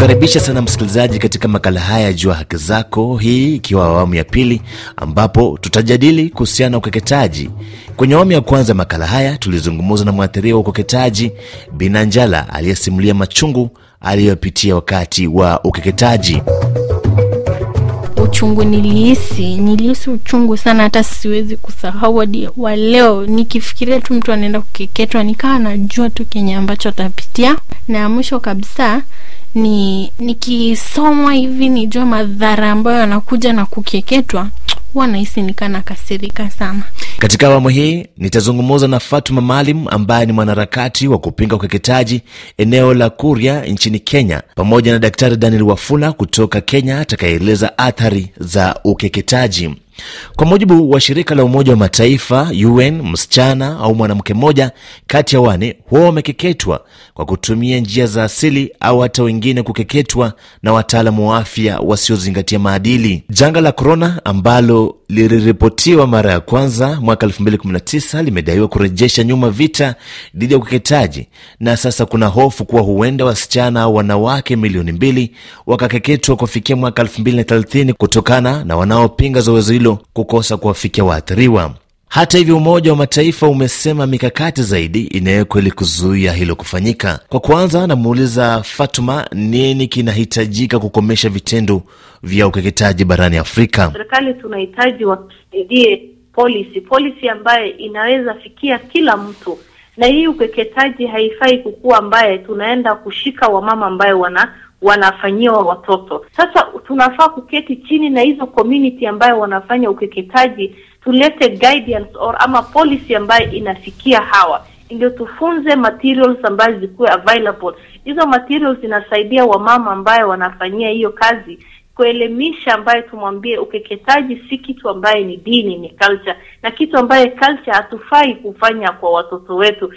Kukaribisha sana msikilizaji katika makala haya ya Jua Haki Zako, hii ikiwa awamu ya pili ambapo tutajadili kuhusiana na ukeketaji. Kwenye awamu ya kwanza makala haya tulizungumza na mwathiriwa wa ukeketaji Binanjala aliyesimulia machungu aliyopitia wakati wa ukeketaji. Uchungu nilihisi, nilihisi uchungu sana, hata siwezi kusahau hadi wa leo. Nikifikiria tu mtu anaenda kukeketwa, nikawa najua tu kenye ambacho atapitia. Na mwisho kabisa ni nikisoma hivi nijue madhara ambayo yanakuja na kukeketwa, huwa nahisi kasirika sana. Katika awamu hii nitazungumza na Fatuma Maalim ambaye ni mwanaharakati wa kupinga ukeketaji eneo la Kuria nchini Kenya, pamoja na Daktari Daniel Wafula kutoka Kenya atakayeeleza athari za ukeketaji. Kwa mujibu wa shirika la Umoja wa Mataifa UN, msichana au mwanamke mmoja kati ya wane huwa wamekeketwa kwa kutumia njia za asili au hata wengine kukeketwa na wataalamu wa afya wasiozingatia maadili. Janga la korona ambalo liliripotiwa mara ya kwanza mwaka 2019 limedaiwa kurejesha nyuma vita dhidi ya ukeketaji, na sasa kuna hofu kuwa huenda wasichana au wanawake milioni mbili wakakeketwa kufikia mwaka 2030 kutokana na wanaopinga zoezi hilo kukosa kuwafikia waathiriwa. Hata hivyo, Umoja wa Mataifa umesema mikakati zaidi inawekwa ili kuzuia hilo kufanyika. Kwa kwanza, namuuliza Fatuma, nini kinahitajika kukomesha vitendo vya ukeketaji barani Afrika? Serikali tunahitaji wasaidie polisi, polisi ambaye inaweza fikia kila mtu na hii ukeketaji haifai kukuwa mbaye tunaenda kushika wamama ambayo wana wanafanyiwa watoto. Sasa tunafaa kuketi chini na hizo community ambayo wanafanya ukeketaji, tulete guidance or ama policy ambayo inafikia hawa, ndio tufunze materials ambazo zikuwe available. Hizo materials zinasaidia wamama ambayo wanafanyia hiyo kazi kuelimisha ambaye tumwambie ukeketaji si kitu ambaye ni dini, ni culture, na kitu ambaye culture hatufai kufanya kwa watoto wetu.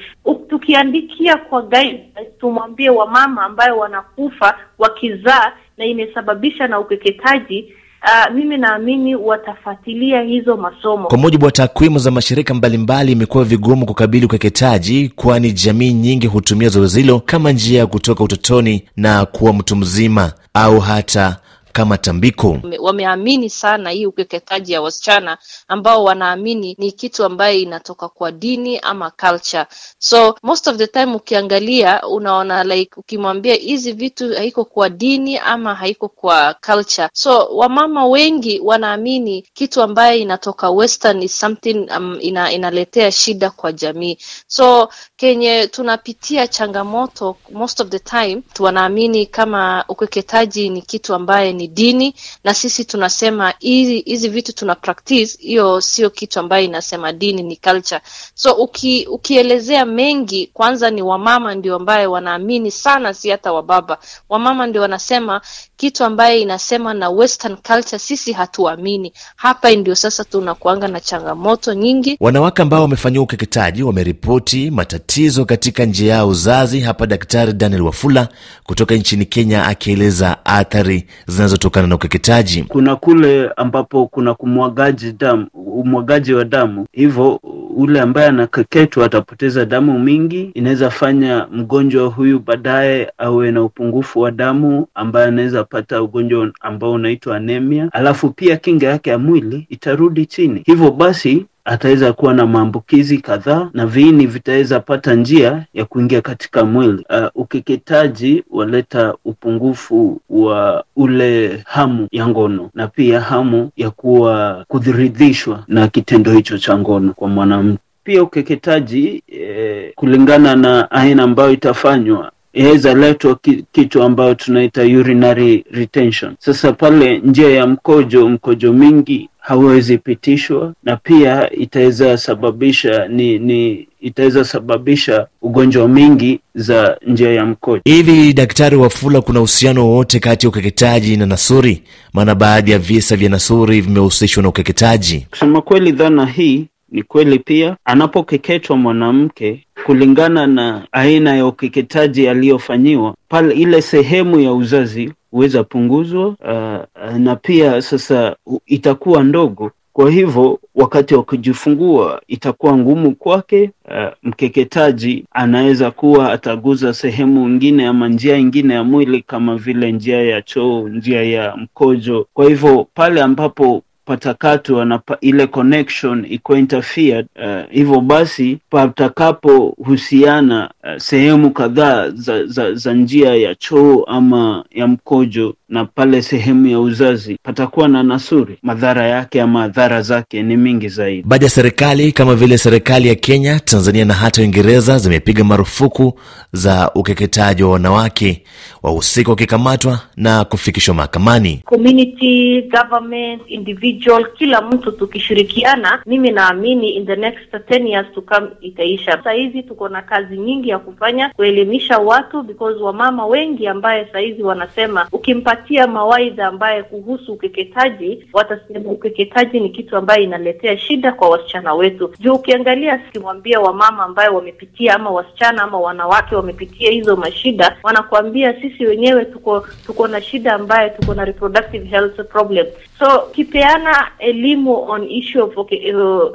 Tukiandikia kwa guidelines, tumwambie wamama ambayo wanakufa wakizaa na imesababisha na ukeketaji. Uh, mimi naamini watafuatilia hizo masomo. Kwa mujibu wa takwimu za mashirika mbalimbali, imekuwa vigumu kukabili ukeketaji, kwani jamii nyingi hutumia zoezi hilo kama njia ya kutoka utotoni na kuwa mtu mzima au hata kama tambiko. Wameamini sana hii ukeketaji ya wasichana ambao wanaamini ni kitu ambaye inatoka kwa dini ama culture. So most of the time ukiangalia, unaona like ukimwambia hizi vitu haiko kwa dini ama haiko kwa culture. So wamama wengi wanaamini kitu ambaye inatoka western is something um, ina, inaletea shida kwa jamii so kenye tunapitia changamoto most of the time, wanaamini kama ukeketaji ni kitu ambaye ni dini, na sisi tunasema hizi hizi vitu tuna practice hiyo, sio kitu ambaye inasema dini, ni culture. So uki, ukielezea mengi, kwanza ni wamama ndio ambaye wanaamini sana, si hata wababa. Wamama ndio wanasema kitu ambaye inasema na western culture, sisi hatuamini. Hapa ndio sasa tunakuanga na changamoto nyingi. Wanawake ambao wamefanyiwa ukeketaji wameripoti matatizo matatizo katika njia ya uzazi. Hapa Daktari Daniel Wafula kutoka nchini Kenya akieleza athari zinazotokana na ukeketaji. Kuna kule ambapo kuna kumwagaji damu, umwagaji wa damu, hivyo ule ambaye anakeketwa atapoteza damu mingi. Inaweza fanya mgonjwa huyu baadaye awe na upungufu wa damu, ambaye anaweza pata ugonjwa ambao unaitwa anemia, alafu pia kinga yake ya mwili itarudi chini, hivyo basi ataweza kuwa na maambukizi kadhaa na viini vitaweza pata njia ya kuingia katika mwili. Uh, ukeketaji waleta upungufu wa ule hamu ya ngono na pia hamu ya kuwa kudhiridhishwa na kitendo hicho cha ngono kwa mwanamke. Pia ukeketaji eh, kulingana na aina ambayo itafanywa yaweza letwa kitu ambayo tunaita urinary retention. Sasa pale njia ya mkojo, mkojo mingi hawezi pitishwa, na pia itaweza sababisha ni, ni itaweza sababisha ugonjwa mingi za njia ya mkojo. Hivi Daktari Wafula, kuna uhusiano wowote kati ya ukeketaji na nasuri? Maana baadhi ya visa vya nasuri vimehusishwa na ukeketaji. Kusema kweli, dhana hii ni kweli pia anapokeketwa mwanamke kulingana na aina ya ukeketaji aliyofanyiwa pale, ile sehemu ya uzazi huweza punguzwa, uh, uh na pia sasa itakuwa ndogo. Kwa hivyo wakati wa kujifungua itakuwa ngumu kwake. Uh, mkeketaji anaweza kuwa ataguza sehemu ingine ama njia ingine ya mwili kama vile njia ya choo, njia ya mkojo. Kwa hivyo pale ambapo patakato na pa, ile connection iko interfered uh, hivyo basi patakapohusiana uh, sehemu kadhaa za, za, za njia ya choo ama ya mkojo na pale sehemu ya uzazi patakuwa na nasuri. Madhara yake ama madhara zake ni mingi zaidi. Baadhi ya serikali kama vile serikali ya Kenya, Tanzania na hata Uingereza zimepiga marufuku za ukeketaji wa wanawake, wahusika wakikamatwa na kufikishwa mahakamani. Community government individual individual, kila mtu tukishirikiana, mimi naamini in the next 10 years to come itaisha. Sasa hizi tuko na kazi nyingi ya kufanya kuelimisha watu, because wamama wengi ambaye sahizi wanasema ukimpatia mawaidha ambaye kuhusu ukeketaji, watasema ukeketaji ni kitu ambaye inaletea shida kwa wasichana wetu. Juu ukiangalia, sikimwambia wamama ambaye wamepitia ama wasichana ama wanawake wamepitia hizo mashida, wanakuambia sisi wenyewe tuko tuko na shida ambaye tuko na reproductive health problem, so kipeana sana elimu on issue of uh,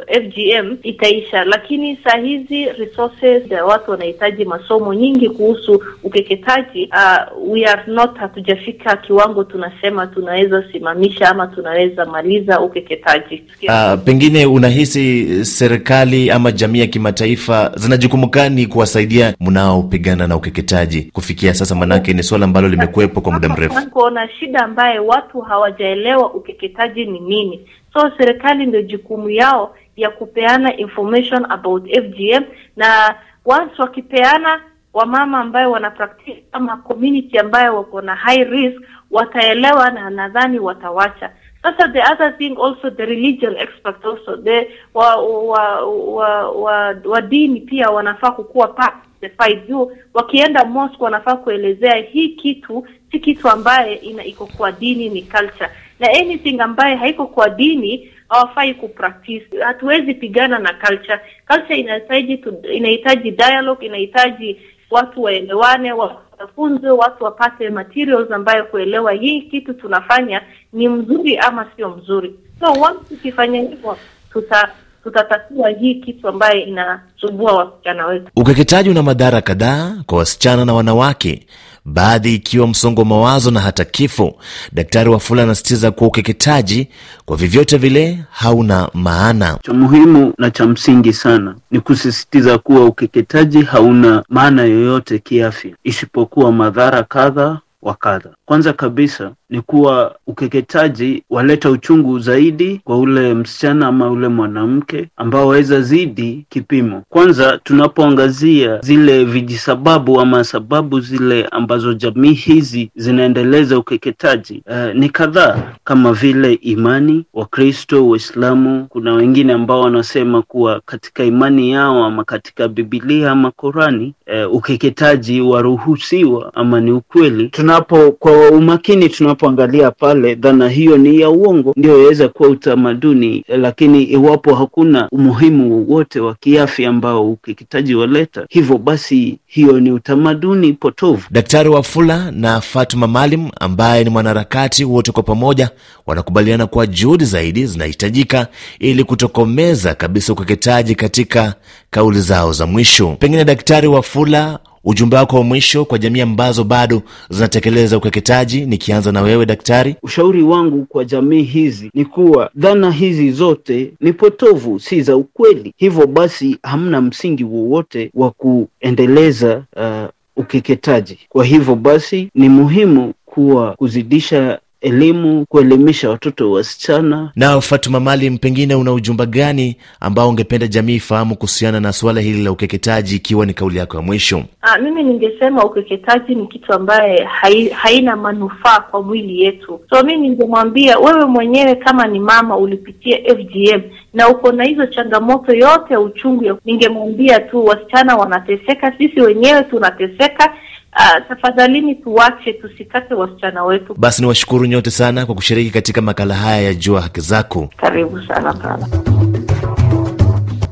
FGM itaisha, lakini saa hizi resources watu wanahitaji masomo nyingi kuhusu ukeketaji. Uh, we are not, hatujafika kiwango tunasema tunaweza simamisha ama tunaweza maliza ukeketaji. Uh, pengine unahisi serikali ama jamii ya kimataifa zina jukumu gani kuwasaidia mnaopigana na ukeketaji kufikia sasa? Manake ni suala ambalo limekuwepo kwa muda mrefu, kuona shida ambaye watu hawajaelewa ukeketaji ni nini nini. So serikali ndio jukumu yao ya kupeana information about FGM, na once wakipeana wamama ambayo wana practice ama community ambayo wako na high risk wataelewa, na nadhani watawacha. Sasa the other thing also the religion expert also the wa wa wa, wa, wa dini pia wanafaa kukuwa part the five juu wakienda mosque wanafaa kuelezea hii kitu si kitu ambaye ina iko kwa dini, ni culture na anything ambaye haiko kwa dini hawafai kupractice. Hatuwezi pigana na culture. Culture inahitaji inahitaji dialogue, inahitaji watu waelewane, wafunzwe, watu wapate materials ambayo kuelewa hii kitu tunafanya ni mzuri ama sio mzuri. So once tukifanya hivyo tuta tutatatua hii kitu ambayo inasumbua wasichana wetu. Ukeketaji una madhara kadhaa kwa wasichana na wanawake baadhi ikiwa msongo mawazo na hata kifo. Daktari Wafula anasitiza kuwa ukeketaji kwa vyovyote vile hauna maana. Cha muhimu na cha msingi sana ni kusisitiza kuwa ukeketaji hauna maana yoyote kiafya, isipokuwa madhara kadha wa kadha. Kwanza kabisa ni kuwa ukeketaji waleta uchungu zaidi kwa ule msichana ama ule mwanamke ambao waweza zidi kipimo. Kwanza tunapoangazia zile vijisababu ama sababu zile ambazo jamii hizi zinaendeleza ukeketaji, uh, ni kadhaa kama vile imani, Wakristo, Waislamu. Kuna wengine ambao wanasema kuwa katika imani yao ama katika bibilia ama Korani, uh, eh, ukeketaji waruhusiwa ama ni ukweli. Tunapo kwa umakini tunapo tunapoangalia pale, dhana hiyo ni ya uongo, ndio yaweza kuwa utamaduni, lakini iwapo hakuna umuhimu wowote wa kiafya ambao ukeketaji waleta, hivyo basi hiyo ni utamaduni potovu. Daktari Wafula na Fatuma Malim ambaye ni mwanaharakati, wote kwa pamoja wanakubaliana kuwa juhudi zaidi zinahitajika ili kutokomeza kabisa ukeketaji katika kauli zao za mwisho. Pengine Daktari Wafula Ujumbe wako wa mwisho kwa jamii ambazo bado zinatekeleza ukeketaji, nikianza na wewe daktari. Ushauri wangu kwa jamii hizi ni kuwa dhana hizi zote ni potovu, si za ukweli. Hivyo basi hamna msingi wowote wa kuendeleza uh, ukeketaji. Kwa hivyo basi ni muhimu kuwa kuzidisha elimu, kuelimisha watoto wasichana. Na Fatuma Malim, pengine una ujumba gani ambao ungependa jamii ifahamu kuhusiana na suala hili la ukeketaji, ikiwa ni kauli yako ya mwisho? Ah, mimi ningesema ukeketaji ni kitu ambaye hai, haina manufaa kwa mwili yetu, so mi ningemwambia wewe mwenyewe kama ni mama ulipitia FGM na uko na hizo changamoto yote ya uchungu, ningemwambia tu wasichana wanateseka, sisi wenyewe tunateseka Uh, ah, tafadhalini tuwache tusikate wasichana wetu. Basi niwashukuru nyote sana kwa kushiriki katika makala haya ya Jua Haki Zako. Karibu sana sana.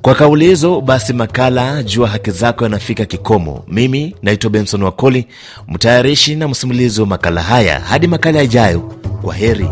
Kwa kauli hizo basi, makala Jua Haki Zako yanafika kikomo. Mimi naitwa Benson Wakoli, mtayarishi na msimulizi wa makala haya. Hadi makala yajayo, kwa heri.